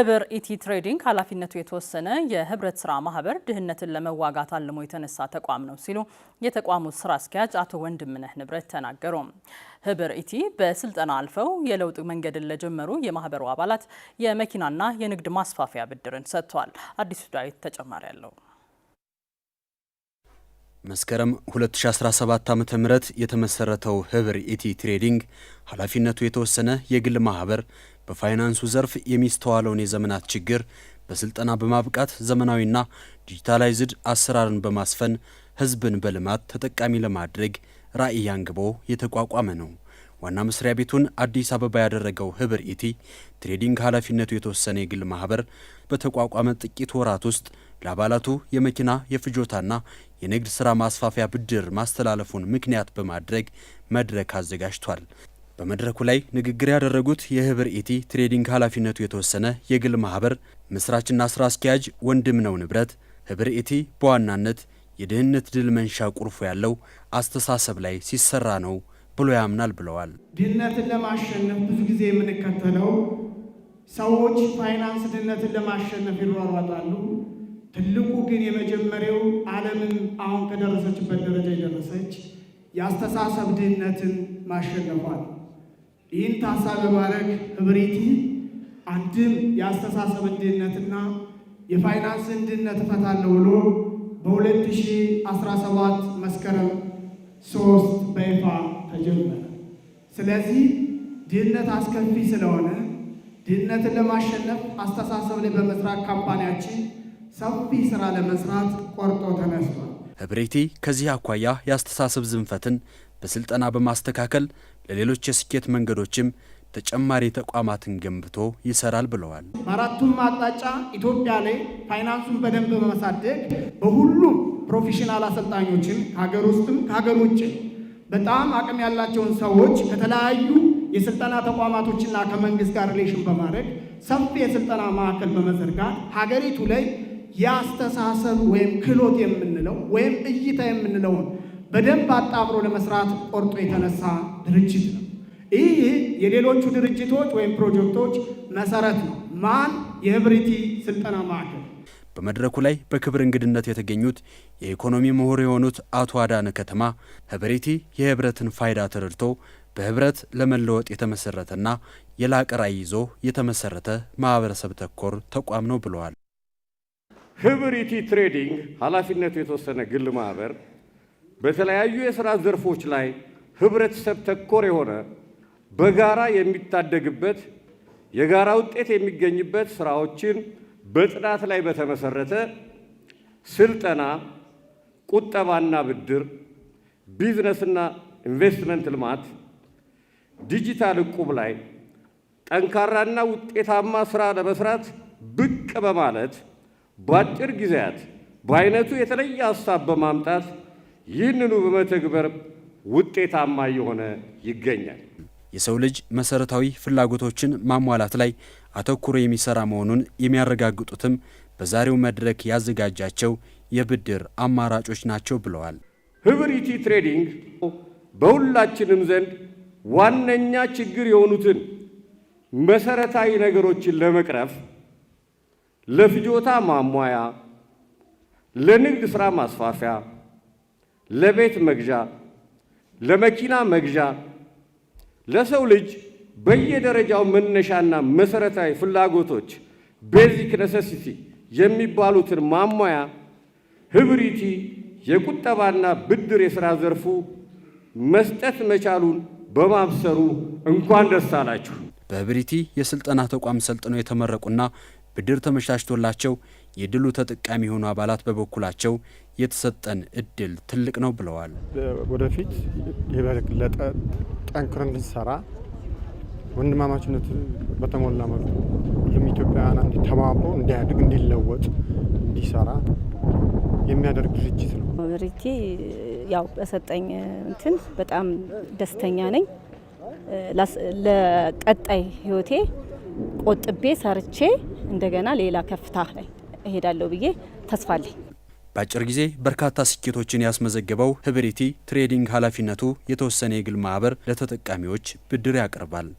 ህብር ኢቲ ትሬዲንግ ኃላፊነቱ የተወሰነ የህብረት ስራ ማህበር ድህነትን ለመዋጋት አልሞ የተነሳ ተቋም ነው ሲሉ የተቋሙ ስራ አስኪያጅ አቶ ወንድምነህ ንብረት ተናገሩ። ህብር ኢቲ በስልጠና አልፈው የለውጥ መንገድን ለጀመሩ የማህበሩ አባላት የመኪናና የንግድ ማስፋፊያ ብድርን ሰጥቷል። አዲሱ ዳዊት ተጨማሪ አለው። መስከረም 2017 ዓ ም የተመሰረተው ህብር ኢቲ ትሬዲንግ ኃላፊነቱ የተወሰነ የግል ማህበር በፋይናንሱ ዘርፍ የሚስተዋለውን የዘመናት ችግር በስልጠና በማብቃት ዘመናዊና ዲጂታላይዝድ አሰራርን በማስፈን ህዝብን በልማት ተጠቃሚ ለማድረግ ራዕይ አንግቦ የተቋቋመ ነው። ዋና መስሪያ ቤቱን አዲስ አበባ ያደረገው ህብር ኢቲ ትሬዲንግ ኃላፊነቱ የተወሰነ የግል ማህበር በተቋቋመ ጥቂት ወራት ውስጥ ለአባላቱ የመኪና የፍጆታና የንግድ ሥራ ማስፋፊያ ብድር ማስተላለፉን ምክንያት በማድረግ መድረክ አዘጋጅቷል። በመድረኩ ላይ ንግግር ያደረጉት የህብር ኢቲ ትሬዲንግ ኃላፊነቱ የተወሰነ የግል ማህበር ምስራችና ስራ አስኪያጅ ወንድም ነው ንብረት ህብር ኢቲ በዋናነት የድህነት ድል መንሻ ቁልፉ ያለው አስተሳሰብ ላይ ሲሰራ ነው ብሎ ያምናል ብለዋል። ድህነትን ለማሸነፍ ብዙ ጊዜ የምንከተለው ሰዎች ፋይናንስ ድህነትን ለማሸነፍ ይሯሯጣሉ። ትልቁ ግን የመጀመሪያው ዓለምን አሁን ከደረሰችበት ደረጃ የደረሰች የአስተሳሰብ ድህነትን ማሸነፏል። ይህን ታሳቢ በማድረግ ህብሪቲ አንድም የአስተሳሰብን ድህነትና የፋይናንስን ድህነት እፈታለሁ ብሎ በ2017 መስከረም ሶስት በይፋ ተጀመረ። ስለዚህ ድህነት አስከፊ ስለሆነ ድህነትን ለማሸነፍ አስተሳሰብ ላይ በመስራት ካምፓኒያችን ሰፊ ስራ ለመስራት ቆርጦ ተነስቷል። ህብሬቴ ከዚህ አኳያ የአስተሳሰብ ዝንፈትን በስልጠና በማስተካከል ለሌሎች የስኬት መንገዶችም ተጨማሪ ተቋማትን ገንብቶ ይሰራል ብለዋል። በአራቱም አቅጣጫ ኢትዮጵያ ላይ ፋይናንሱን በደንብ በማሳደግ በሁሉም ፕሮፌሽናል አሰልጣኞችን ከሀገር ውስጥም ከሀገር ውጭ በጣም አቅም ያላቸውን ሰዎች ከተለያዩ የስልጠና ተቋማቶችና ከመንግስት ጋር ሪሌሽን በማድረግ ሰፊ የስልጠና ማዕከል በመዘርጋት ሀገሪቱ ላይ የአስተሳሰብ ወይም ክህሎት የምንለው ወይም እይታ የምንለውን በደንብ አጣምሮ ለመስራት ቆርጦ የተነሳ ድርጅት ነው። ይህ የሌሎቹ ድርጅቶች ወይም ፕሮጀክቶች መሰረት ነው። ማን የህብሪቲ ስልጠና ማዕከል በመድረኩ ላይ በክብር እንግድነት የተገኙት የኢኮኖሚ ምሁር የሆኑት አቶ አዳነ ከተማ ህብሪቲ የህብረትን ፋይዳ ተረድቶ በህብረት ለመለወጥ የተመሰረተና የላቀ ራዕይ ይዞ የተመሰረተ ማህበረሰብ ተኮር ተቋም ነው ብለዋል። ህብሪቲ ትሬዲንግ ኃላፊነቱ የተወሰነ ግል ማህበር በተለያዩ የሥራ ዘርፎች ላይ ህብረተሰብ ተኮር የሆነ በጋራ የሚታደግበት የጋራ ውጤት የሚገኝበት ስራዎችን በጥናት ላይ በተመሰረተ ስልጠና፣ ቁጠባና ብድር፣ ቢዝነስና ኢንቨስትመንት ልማት፣ ዲጂታል እቁብ ላይ ጠንካራና ውጤታማ ስራ ለመስራት ብቅ በማለት በአጭር ጊዜያት በአይነቱ የተለየ ሀሳብ በማምጣት ይህንኑ በመተግበር ውጤታማ እየሆነ ይገኛል። የሰው ልጅ መሰረታዊ ፍላጎቶችን ማሟላት ላይ አተኩሮ የሚሰራ መሆኑን የሚያረጋግጡትም በዛሬው መድረክ ያዘጋጃቸው የብድር አማራጮች ናቸው ብለዋል። ህብሪቲ ትሬዲንግ በሁላችንም ዘንድ ዋነኛ ችግር የሆኑትን መሰረታዊ ነገሮችን ለመቅረፍ ለፍጆታ ማሟያ፣ ለንግድ ሥራ ማስፋፊያ፣ ለቤት መግዣ፣ ለመኪና መግዣ፣ ለሰው ልጅ በየደረጃው መነሻና መሰረታዊ ፍላጎቶች ቤዚክ ነሰሲቲ የሚባሉትን ማሟያ ህብሪቲ የቁጠባና ብድር የሥራ ዘርፉ መስጠት መቻሉን በማብሰሩ እንኳን ደስ አላችሁ። በህብሪቲ የሥልጠና ተቋም ሰልጥነው የተመረቁና ብድር ተመቻችቶላቸው የድሉ ተጠቃሚ የሆኑ አባላት በበኩላቸው የተሰጠን እድል ትልቅ ነው ብለዋል። ወደፊት የበለጠ ጠንክረን እንድንሰራ ወንድማማችነት በተሞላ መልኩ ሁሉም ኢትዮጵያውያን አንድ ተባብሮ እንዲያድግ፣ እንዲለወጥ፣ እንዲሰራ የሚያደርግ ድርጅት ነው። ድርጅቴ ያው በሰጠኝ እንትን በጣም ደስተኛ ነኝ። ለቀጣይ ህይወቴ ቆጥቤ ሰርቼ እንደገና ሌላ ከፍታ ላይ እሄዳለሁ ብዬ ተስፋ አለኝ። በአጭር ጊዜ በርካታ ስኬቶችን ያስመዘገበው ህብሪቲ ትሬዲንግ ኃላፊነቱ የተወሰነ የግል ማህበር ለተጠቃሚዎች ብድር ያቀርባል።